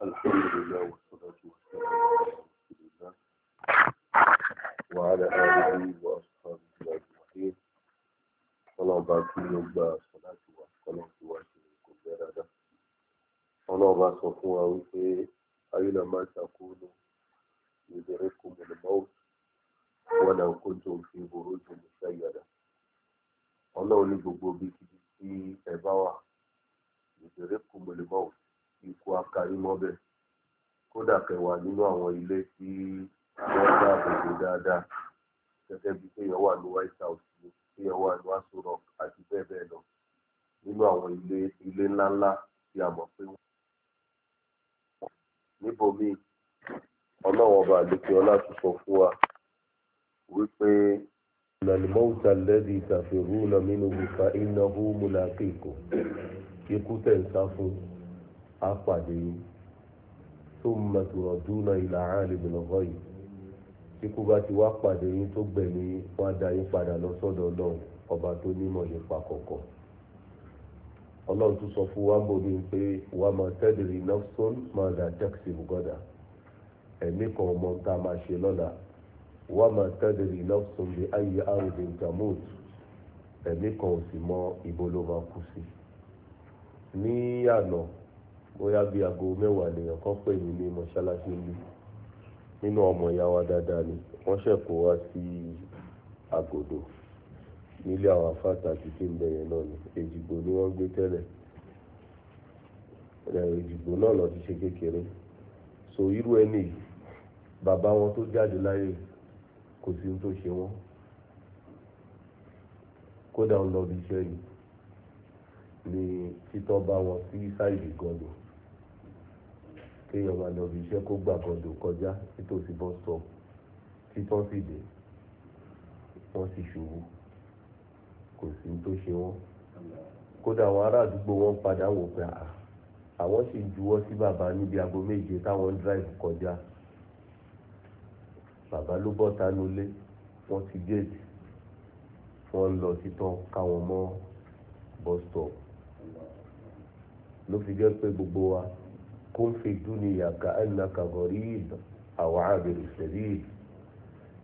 الحمد لله والصلاة والسلام على رسول الله وعلى آله وأصحابه أجمعين ọlọ́run bá kí ló gba sọ́lá ti wá kọ́lọ́ ti wá ṣe kò jẹ́ dáadáa ọlọ́run bá sọ fún wa wípé ayélujára máa ṣàkóso ìbéèrè kò mọ̀lẹ́ mọ́wó wọn náà kó tó fi ìhòòhò jù ní sẹ́yàdá ọlọ́run ní gbogbo bí kíbi tí ẹ bá wà kò mọ̀lẹ́ mọ́wó ikú akarímọ́bẹ̀ kódà kẹwàá nínú àwọn ilé tí wọ́n dáàbò bò dáadáa gẹ́gẹ́ bíi kéèyàn wà ní White House kéèyàn wà ní Aso Rock àti bẹ́ẹ̀ bẹ́ẹ̀ lọ nínú àwọn ilé ilé ńláńlá tí a mọ̀ pé wọ́n. níbòmíì ọlọ́wọ́n ọba àlejò ọlá sọ fún wa wípé ìlànìmọ́wùtà lẹ́dí ìtàfẹ́rù nàmínú wípé iná hó múlá kéèkó ikú tẹ̀ ń sá fún un á pàdé yín thumma turaduna ila alimil ghaib tí kú bá ti wá pàdé yín tó gbẹ̀mí wọn á dá yín padà lọ sọ́dọ̀ ọlọ́run ọba tó nímọ̀ nípa kọ̀kọ̀ ọlọ́run tún sọ fún wa ń bò ní pé wa ma tadri nafsun ma la taksibu gada ẹ̀mí kan ọmọ tá máa ṣe lọ́la wa ma tadri nafsun bi ayyi ardin tamut ẹ̀mí kan ò sì mọ ibo ló máa kú sí ní àná bóyá bíi aago mẹ́wàá lèèyàn kan pè mí ní mọ́ṣáláṣí mi nínú ọmọ ìyá wa dáadáa ni wọ́n ṣẹ̀kọ́ wá sí àgòdò nílé àwọn afáàtà títí ń bẹ̀yẹn náà ni èjìgbò ni wọ́n gbé tẹ́lẹ̀ èjìgbò náà lọ ti ṣe kékeré so irú ẹni bàbá wọn tó jáde láyé kò sí tó ṣe wọn kódà ń lọ bí iṣẹ́ ni ni títọ́ bá wọn sí sáìdì gọ́dùn kéèyàn máa lọ bí iṣẹ́ kó gbàgọ́dọ̀ kọjá nítòsí bọ́ sọ títọ́ sì dé wọ́n sì ṣubú kò sí ní tó ṣe wọ́n kódà àwọn ará àdúgbò wọn padà wò pé àwọn sì juwọ́ sí bàbá níbi aago méje táwọn ń dráìfù kọjá bàbá ló bọ́ tánú lé wọ́n ti géètì wọ́n lọ títàn káwọn mọ́ bọ́stọ̀ ló fi jẹ́ pé gbogbo wa kún في الدنيا كأنك غريب أو عابر سبيل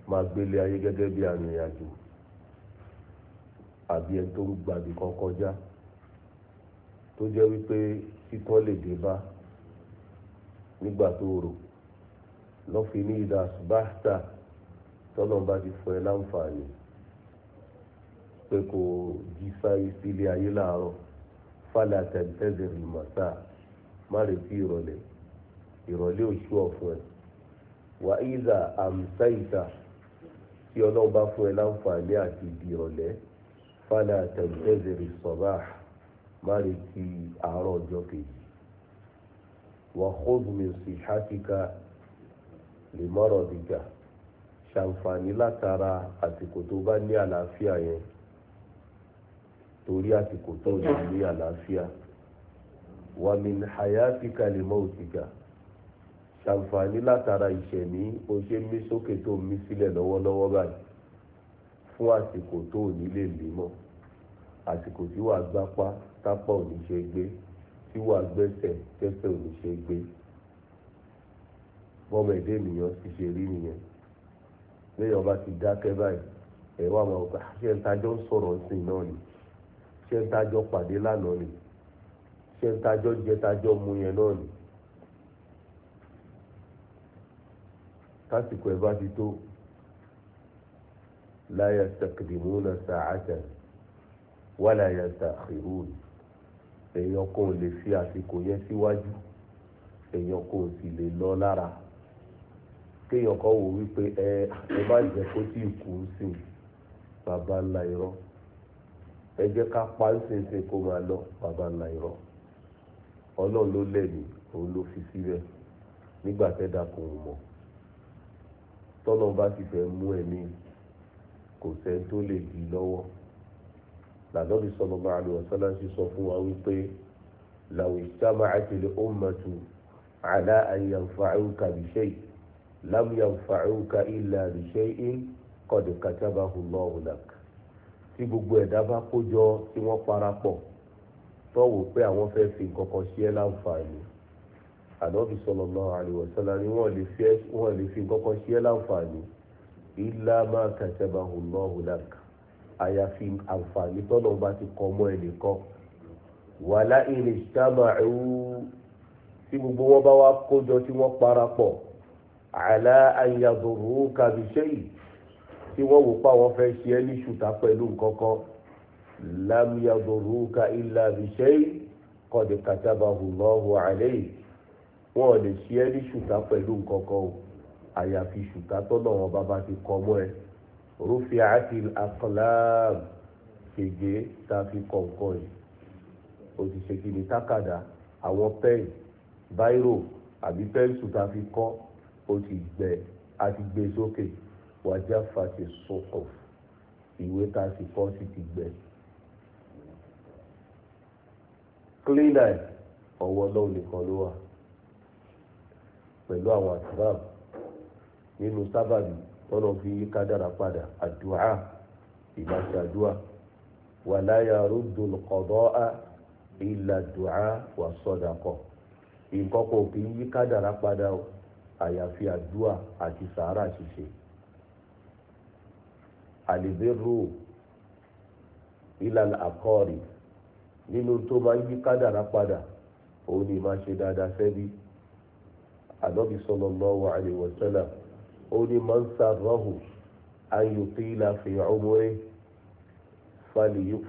ما máa gbélé ayé gẹ́gẹ́ bí arìnrìnàjò àbí ẹni tó ń gbàdì kan kọjá tó jẹ́ wípé títọ́ lè dé bá nígbà tó rò lọ́fi ní ìdá báṣtà ti fọ ẹ láǹfààní pé kò jí sáyé sílé ayé láàárọ̀ fàlà tẹ̀lẹ́tẹ̀lẹ́ rìmọ̀tà má retí ìrọ̀lẹ́ ìrọ̀lẹ́ òṣù ọ̀fun ẹ̀ wà ídà àmsáìta tí ọlọ́run bá fún ẹ láǹfààní àti di ìrọ̀lẹ́ fàlà tẹ̀m̀tẹ́zẹ̀rì sọ̀bà má retí àárọ̀ ọjọ́ kejì wà hóbùmí sí lè mọ́rọ̀ dìgà ṣàǹfààní látara àsìkò tó bá ní àlàáfíà yẹn torí àsìkò tó ní àlàáfíà wàmín hayatika lè mọ òtìkà ṣàǹfààní látara ìṣẹ̀mí o ṣe mí sókè tó mí sílẹ̀ lọ́wọ́lọ́wọ́ báyìí fún àsìkò tó ò ní lè mí mọ́ àsìkò tí wàá gbápá tápá ò ní ṣe gbé tí wàá gbẹ́sẹ̀ tẹ́sẹ̀ ò ní ṣe gbé bọ́mọ ẹ̀dá ènìyàn ti ṣe rí nìyẹn lẹ́yìn ọba ti dákẹ́ báyìí ẹ̀ wá máa gbà ah, ṣé ń tajọ́ sọ̀rọ̀ sí náà ni ṣé ń tajọ́ pàdé lánàá ni ṣé ń tajọ́ jẹ tajọ́ mu yẹn náà ni tásìkò ẹ̀ bá ti tó la yastaqdimuna sa'atan wala yasta'khirun èèyàn kò lè fi àsìkò yẹn síwájú èèyàn kò sì lè lọ lára kéèyàn kan wò wípé ẹ ẹ bá jẹ kó tí ì kú sí baba ńlá irọ́ ẹ jẹ́ ká pa ń sèse kó máa lọ baba ńlá irọ́ ọlọ́run ló lẹ́mí òun ló fi síbẹ̀ nígbà tẹ́dà kò mọ̀ tọ́lọ́ bá sì fẹ́ mú ẹ̀mí kò sẹ́ni tó lè dì í lọ́wọ́ lànàbí sallallahu alaihi wasallam ṣe sọ fún wa wípé law ijtama'at al-ummatu ala an yanfa'uka bi shay'in lam yanfa'uka illa bi shay'in qad katabahu Allahu lak tí gbogbo ẹ̀dá bá kó tí wọ́n parapọ̀ tó wò pé àwọn fẹ́ fi nǹkan kan ṣe é láǹfààní ànábì sallallahu alaihi wasallam ni wọ́n lè fi nǹkan kan ṣe é láǹfààní illa ma katabahu Allahu lak àyàfi àǹfààní tọ́nà bá ti kọ́ mọ́ ẹnìkan wàlá in ijtama'u tí gbogbo wọn bá wá kójọ tí wọ́n parapọ̀ ala an yadurruka tí wọ́n wò pé àwọn fẹ́ ṣe é ní ṣùtà pẹ̀lú nǹkan kan. لم يضروك إلا بشيء قد كتبه الله عليك، alayk wọn ò lè ṣe ẹ́ ní ṣùtá pẹ̀lú nǹkan kan o àyàfi ṣùtá tọ́nà wọn bàbá ti kọ́ mọ́ ẹ rúfin àti àkàlàm gègé tá a fi kọ̀ nǹkan yìí o ti ṣe kí ni tákàdá àwọn pẹ́ẹ̀n báírò àbí pẹ́ńsù tá a fi kọ́ o ti gbẹ a ti gbé sókè wàjà fàṣẹ sọ̀kọ̀ ìwé tá a sì kọ́ sì ti gbẹ. clean eye ọwọ́ ọlọ́run nìkan ló wà pẹ̀lú àwọn asbab nínú sábàbí tọ́nà fi kádàrà padà àdúrà ìbáṣe àdúrà wala yaruddul qadaa illa du'a wa sadaqa nǹkan kò kì í yí kádàrá padà o àyàfi àdúà àti sàárà ṣíṣe àlìbẹ́rù ilal aqari nínú tó máa ń yí kádàrá padà òun ni máa ṣe dáadáa sẹ́bí ànábì sallallahu alaihi wasallam ó ní man sarrahu an yutila fi umrihi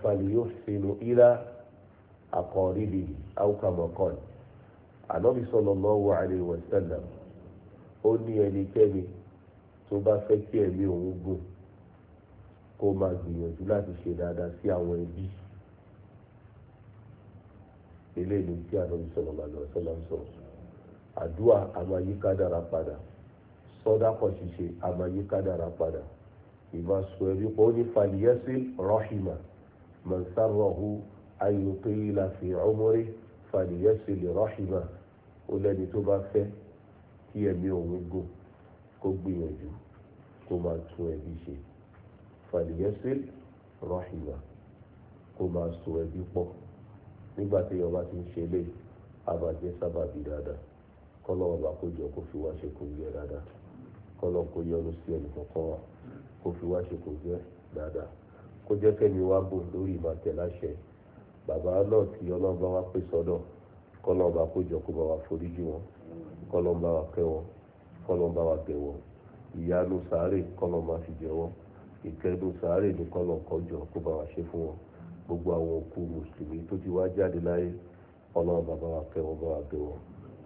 falyuhsinu ila aqaribihi aw kama qala ànábì sallallahu alaihi wasallam ó ní ẹnikẹ́ni tó bá fẹ́ kí ẹ̀mí òun gùn kó máa gbìyànjú láti ṣe dáadáa sí àwọn ẹbí eléyìí ló jẹ́ ànábi sọ̀rọ̀ màlúù ọ̀sọ́lá ń sọ̀rọ̀ àdúrà àmàyíká dára padà sọ́dákọ̀ ṣíṣe àmàyíká dára padà ìmọ̀ sọ ẹbí pé ó ní faliyẹ́sì rọ́ṣìmà mọ̀nsárọ̀hù ayọ̀pẹ̀ ìlàfẹ́ ọmọrí faliyẹ́sì lè rọ́ṣìmà ó lẹ́ni tó bá fẹ́ kí ẹ̀mí òun gùn kó gbìyànjú kó máa tún ẹbí ṣe faliyẹ́sì rọ́ṣìmà kó máa sọ ẹbí pọ̀ nígbà tí ọba ti ń ṣe lé abàjẹ́ sábàbí dáadáa kọ́lọ́ ọba kó jọ kó fi wá ṣe kò yẹ dáadáa kọ́lọ́ kó yọrù sí ẹnì kọ̀ọ̀kan wa kó fi wá ṣe kò yẹ dáadáa kó jẹ́ kẹ́mi wá bò lórí ìmọ̀tẹ̀ láṣẹ bàbá náà tí ọlọ́ba wa pè sọ́dọ̀ kọ́lọ́ ọba kó jọ kó bá wa foríjì wọn kọ́lọ́ bá wa kẹ́ wọn kọ́lọ́ bá wa bẹ̀ wọn ìyanu sàárè kọ́lọ́ máa fi jẹ wọn ìkẹ́dùn sàárè ní kọ́lọ́ kọjọ kó bá wa ṣe fún wọn gbogbo àwọn òkú mùsùlùmí tó ti wá jáde láyé ọlọ́run bàbá wa kẹ́ wọn bá wa bẹ̀ wọ́n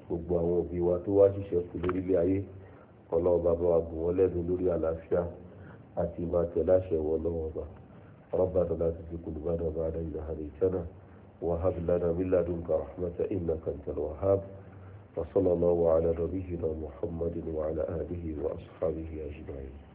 gbogbo àwọn òbí wa tó wá ṣiṣẹ́ kù lórílẹ̀ ayé ọlọ́run bàbá wa bù wọ́n lẹ́nu lórí àlàáfíà àti ìmọ̀ àtẹ̀láṣẹ wọn lọ́wọ́ bá ربنا لا تزغ قلوبنا بعد إذ هديتنا وهب لنا من لدنك رحمة إنك أنت الوهاب وصلى الله على نبينا محمد وعلى آله وأصحابه أجمعين